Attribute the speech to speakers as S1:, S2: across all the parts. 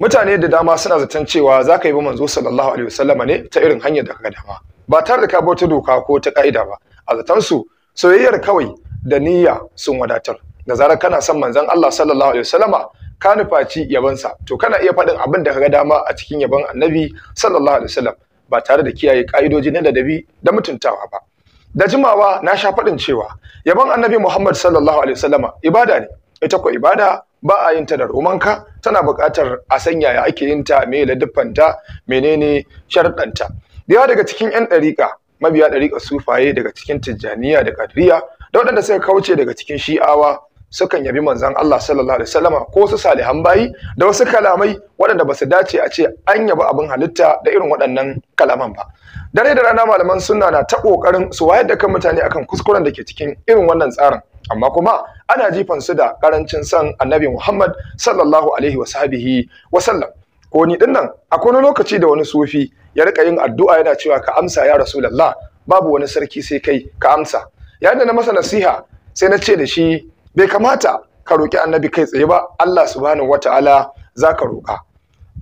S1: mutane da dama suna zaton cewa za ka yi manzo sallallahu alaihi wasallama ne ta irin hanyar da ka dama ba tare da ka ta doka ko ta ka'ida ba a zaton su soyayyar kawai da niyya sun wadatar da zarar kana son manzon Allah sallallahu alaihi wasallama ka nufaci yabansa to kana iya faɗin abin da kaga dama a cikin yabon annabi sallallahu alaihi wasallam ba tare da kiyaye ka'idoji na ladabi da mutuntawa ba da jimawa na sha faɗin cewa yaban annabi Muhammad sallallahu alaihi wasallama ibada ne ita ko ibada ba a yin ta da romanka tana buƙatar a sanya ya ake yin ta me dufanta menene sharɗanta da yawa daga cikin yan ɗariƙa mabiya ɗariƙa sufaye daga cikin tijjaniya da ƙadiriya da waɗanda suka kauce daga cikin shi'awa sukan yabi manzon Allah sallallahu alaihi wasallama ko su salihan bayi da wasu kalamai waɗanda basu dace a ce an yabi abin halitta da irin waɗannan kalaman ba dare da rana malaman sunna na ta ƙoƙarin su wayar da kan mutane akan kuskuren da ke cikin irin wannan tsarin amma kuma ana jifan su da karancin san annabi Muhammad sallallahu alaihi wa sahbihi wa sallam ko ni dinnan akwai wani lokaci da wani sufi ya rika yin addu'a yana cewa ka amsa ya rasulullah babu wani sarki sai kai ka amsa yayin da na masa nasiha sai na ce da shi bai kamata ka roki annabi kai tsaye ba Allah subhanahu wataala zaka roka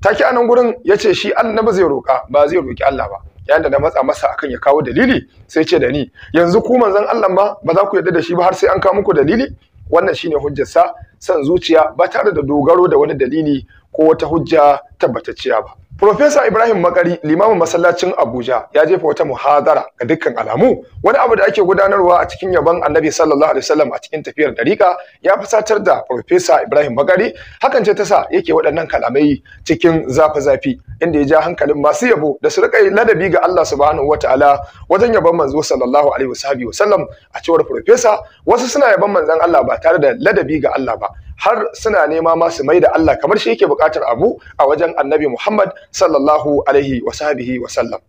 S1: take anan gurin yace shi annabi zai roka ba zai roki Allah ba yayin da na matsa masa akan ya kawo dalili sai ce da ni yanzu ku manzon Allah ma ba za ku yarda da shi ba har sai an kawo muku dalili wannan shine sa san zuciya ba tare da dogaro da wani dalili ko wata hujja tabbatacciya ba Profesa Ibrahim Makari limamin masallacin Abuja ya jefa wata muhadara ga dukkan alamu wani abu da ake gudanarwa a cikin yaban Annabi sallallahu alaihi wasallam a cikin tafiyar dariƙa ya fusatar da Profesa Ibrahim Makari hakan ce ta sa yake waɗannan kalamai cikin zafi-zafi inda ya ja hankalin masu yabo da su rika ladabi ga Allah subhanahu wataala wajen yaban manzo sallallahu alaihi wasallam a cewar Profesa wasu suna yaban manzon Allah ba tare da ladabi ga Allah ba har suna nema ma su mai da Allah kamar shi yake buƙatar abu a wajen annabi Muhammad sallallahu alaihi wa sahbihi wa sallam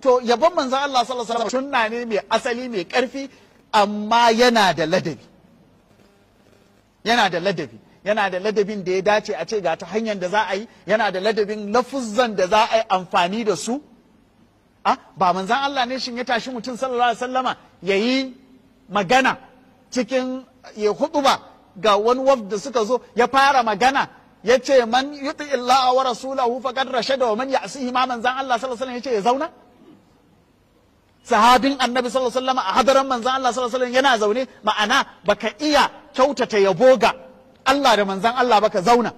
S2: to yabon manzon Allah sallallahu alaihi wasallam sunna ne mai asali mai karfi amma yana da ladabi yana da ladabi yana da ladabin da ya dace a ce ga ta hanyar da za a yi yana da ladabin lafuzzan da za a yi amfani da su a ba manzan Allah ne shin ya tashi mutum sallallahu alaihi wasallama yayi magana cikin ya hudu ba ga wani wafd da suka zo ya fara magana ya ce man yuti illaha wa rasulahu faqad rashada wa man ya'sihi ma manzan Allah sallallahu alaihi wasallam ce ya zauna sahabin annabi sallallahu alaihi wasallam a hadaran manzan Allah sallallahu alaihi wasallam yana zaune ma'ana baka iya kyautata yabo ga Allah da manzan Allah baka zauna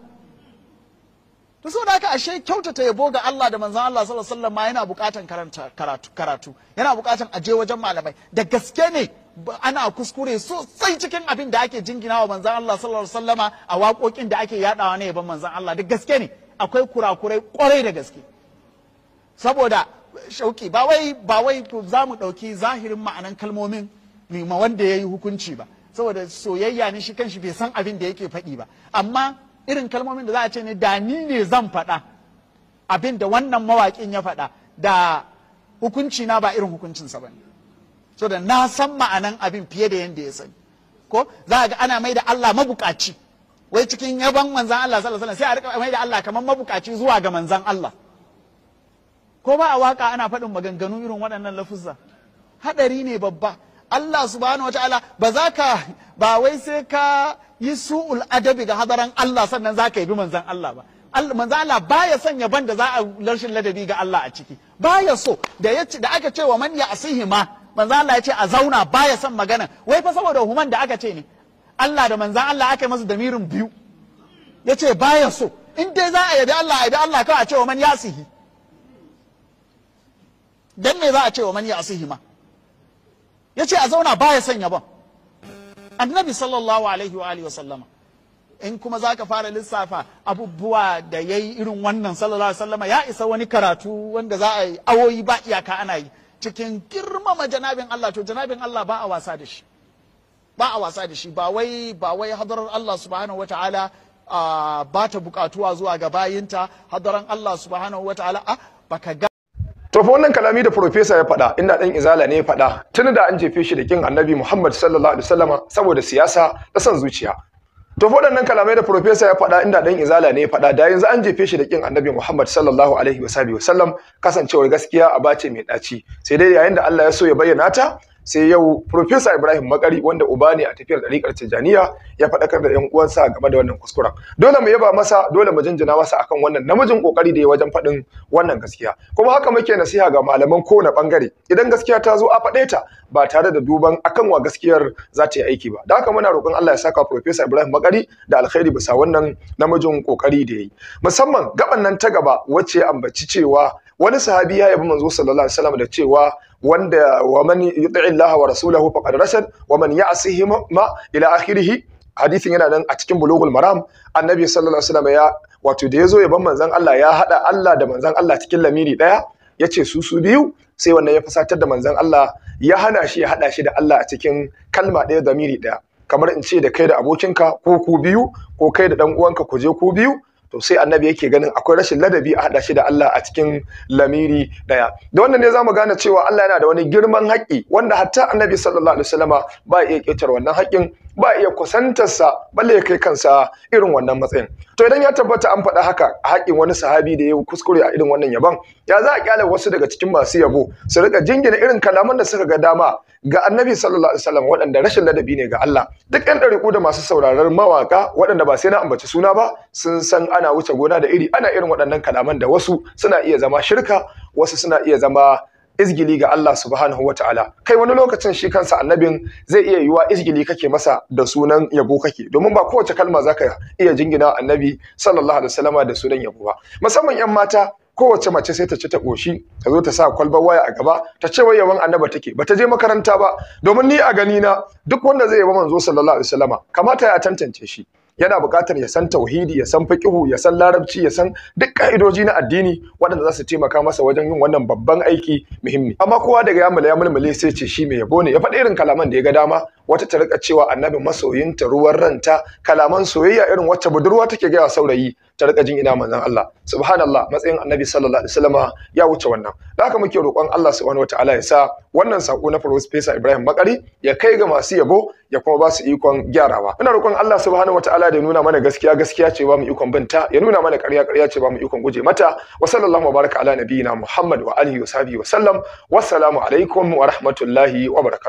S2: to saboda haka ashe kyautata yabo ga Allah da manzan Allah sallallahu alaihi wasallam ma yana bukatan karatu karatu yana bukatan aje wajen malamai da gaske ne ana kuskure sosai cikin abin da ake jingina wa manzan Allah sallallahu alaihi wasallama a waƙoƙin da ake yaɗawa na yaban manzan Allah Da gaske ne akwai kurakurai kwarai da gaske saboda shauki ba wai ba wai za mu ɗauki zahirin ma'anan kalmomin ma wanda ya yi hukunci ba saboda soyayya ne shi kanshi bai san abin da yake faɗi ba amma irin kalmomin da za a ce ne da ni ne zan faɗa abin da wannan mawakin ya faɗa da hukunci na ba irin hukuncinsa ba ne so da na san ma'anan abin fiye da yadda ya sani ko za ga ana mai da Allah mabukaci wai cikin yaban manzan Allah sallallahu alaihi wasallam sai a rika mai da Allah kamar mabukaci zuwa ga manzan Allah ko ba a waka ana faɗin maganganu irin waɗannan lafuzza hadari ne babba Allah subhanahu wataala ba za ka ba wai sai ka yi su'ul adabi ga hadaran Allah sannan za ka yi bi manzan Allah ba manzan Allah baya sanya ban da za a larshin ladabi ga Allah a ciki baya so da ya da aka ce wa man ya asihi ma manzo Allah ya ce a zauna baya son magana wai fa saboda human da aka ce ne Allah da manzo Allah aka yi masa damirin biyu ya ce baya so in dai za a yabi Allah a yabi Allah kawai a ce wa man yasihi dan me za a ce wa man yasihi ma ya ce a zauna baya son yabon annabi sallallahu alaihi wa alihi wasallama in kuma za ka fara lissafa abubuwa da ya yi irin wannan sallallahu alaihi wasallama ya isa wani karatu wanda za a yi awoyi ba iyaka ana yi cikin girmama janabin Allah to janabin Allah ba a wasa da shi ba a wasa da shi ba wai ba wai hadarar Allah subhanahu wataala ba ta bukatuwa zuwa ga bayinta hadaran Allah subhanahu wataala a baka ga
S1: to fa wannan kalami da professor ya faɗa inda dan izala ne ya faɗa tun da an jefe shi da kin annabi Muhammad sallallahu alaihi wasallama saboda siyasa da son zuciya to waɗannan kalamai da profesa ya faɗa inda dan izala ne ya faɗa da yanzu an jefe shi da kin annabi Muhammad sallallahu alaihi wa kasancewar gaskiya a bace mai ɗaci sai dai yayin da Allah ya so ya bayyana ta sai yau Profesa Ibrahim Makari wanda uba ne a tafiyar ɗariƙar Tijjaniya ya faɗakar da 'yan uwansa game da wannan kuskuren. Dole mu yaba masa, dole mu jinjina masa akan wannan namijin kokari da ya wajen faɗin wannan gaskiya. Kuma haka muke nasiha ga malaman kowane ɓangare. Idan gaskiya ta zo a faɗe ta ba tare da duban akan wa gaskiyar za ta yi aiki ba. Da haka muna roƙon Allah ya saka Profesa Ibrahim Makari da alkhairi bisa wannan namijin kokari da ya yi. Musamman gaban nan ta gaba wacce ambaci cewa wani sahabi ya yabi manzo sallallahu alaihi wasallam da cewa wanda wa man yuti Allah wa rasulahu faqad rashad wa man ya'sihi ma ila akhirih hadisin yana nan a cikin bulughul maram annabi sallallahu alaihi wasallam ya wato da yazo ban manzon Allah ya hada Allah da manzon Allah cikin lamiri daya yace su su biyu sai wannan ya fasatar da manzon Allah ya hana shi ya hada shi da Allah a cikin kalma daya da miri daya kamar in ce da kai da abokinka ko ku biyu ko kai da dan uwanka ku je ku biyu to sai annabi yake ganin akwai rashin ladabi a hada shi da Allah a cikin lamiri daya da wannan ne zamu gane cewa Allah yana da wani girman haƙƙi wanda hatta annabi sallallahu alaihi wasallama ba iya ƙetar wannan haƙƙin ba iya kusantar sa balle ya kai kansa irin wannan matsayin to idan ya tabbata an faɗa haka a haƙƙin wani sahabi da ya kuskure a irin wannan yabon ya za a kyale wasu daga cikin masu yabo su rika jingina irin kalaman da suka ga dama ga annabi sallallahu alaihi wasallam waɗanda rashin ladabi ne ga Allah duk ɗan ɗariƙu da masu sauraron mawaka waɗanda ba sai na ambaci suna ba sun san ana wuce gona da iri ana irin waɗannan kalaman da wasu suna iya zama shirka wasu suna iya zama izgili ga Allah subhanahu wa ta'ala kai wani lokacin shi kansa annabin zai iya yiwa izgili kake masa da sunan yabo kake domin ba kowace kalma zaka iya jingina annabi sallallahu alaihi wasallama da sunan yabo ba musamman yan mata kowace mace sai ta ci ta koshi ta zo ta sa kwalbar waya a gaba ta ce wai yawan annaba take ba ta je makaranta ba domin ni a gani na duk wanda zai yaba manzo sallallahu alaihi wasallama kamata ya tantance shi yana buƙatar ya san tauhidi ya san fiqhu ya san larabci ya san duk ka'idoji na addini waɗanda za su taimaka masa wajen yin wannan babban aiki muhimmi amma kowa daga ya mulaya mulmule sai ce shi mai yabo ne ya faɗi irin kalaman da ya ga dama wata ta rika cewa annabi masoyinta ruwan ranta kalaman soyayya irin wacce budurwa take gaya saurayi ta rika jin ina manzon Allah subhanallah matsayin annabi sallallahu alaihi wasallama ya wuce wannan da haka muke roƙon Allah subhanahu wataala ya sa wannan sako na Professor Ibrahim Makari ya kai ga masu yabo ya kuma ba su ikon gyarawa ina roƙon Allah subhanahu wataala da nuna mana gaskiya gaskiya ce ba mu ikon binta ya nuna mana ƙarya ƙarya ce ba mu ikon guje mata wa sallallahu baraka ala nabiyina Muhammad wa alihi wa sahbihi wa sallam wassalamu alaikum wa rahmatullahi wa barakatuh